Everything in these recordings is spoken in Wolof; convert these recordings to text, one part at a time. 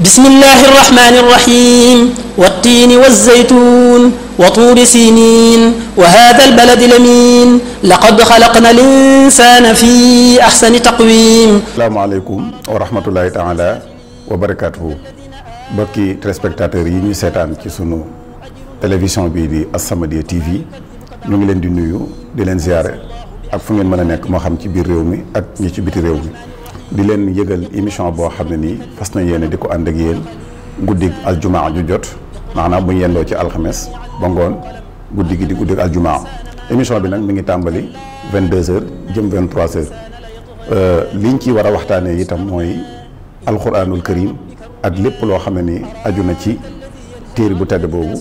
بسم الله الرحمن الرحيم والتين والزيتون وطور سينين وهذا البلد الأمين لقد خلقنا الإنسان في أحسن تقويم السلام عليكم ورحمة الله تعالى وبركاته بكي تلسبكتاتور yi ñu seetaan ci sunu télévision bii di As-Samadiyya TV ñu ngi leen di nuyu di leen ziare ak fu ngeen mën a nekk moo xam ci biir réew mi ak ñi ci biti réew mi di leen yëgal émission boo xam ne nii fas na yéene di ko ànd ak yéen guddig aljumaa ju jot maanaam bu ñu yendoo ci alxames ba ngoon guddi gi di guddig aljumaa émission bi nag mi ngi tàmbali 22h jëm 23h euh, liñ ci war a waxtaanee itam mooy alxuraanul karim ak lépp loo xam ne nii aju na ci téere bu tedd boobu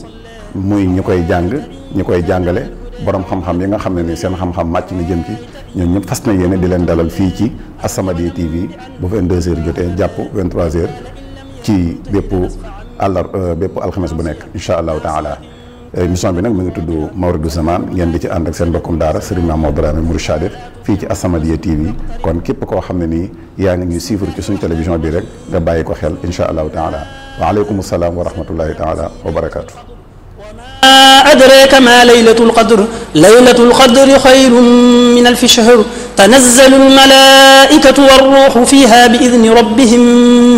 muy ñi koy jàng ñi koy jàngale borom xam-xam yi nga xam ne nii seen xam-xam màcc na jëm ci. ñooñu ñëpp fas na yéene di leen dalal fii ci as TV bu 22h jotee jàpp 23h ci bépp àllar euh, bépp alxames bu nekk incha allahu taala émission bi nag mu ngi tudd Mawridu Zaman ngeen di ci ànd ak seen mbokkum daara Serigne Mamadou Dramé Mourou Chadif fii ci as TV kon képp koo xam ne nii yaa ngi ñu suivre ci suñu télévision bi rek nga bàyyi ko xel incha allahu taala waaleykum salaam wa rahmatullahi taala wa barakaatu. adraka من ألف شهر تنزل الملائكة والروح فيها بإذن ربهم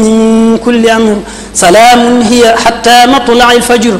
من كل أمر سلام هي حتى مطلع الفجر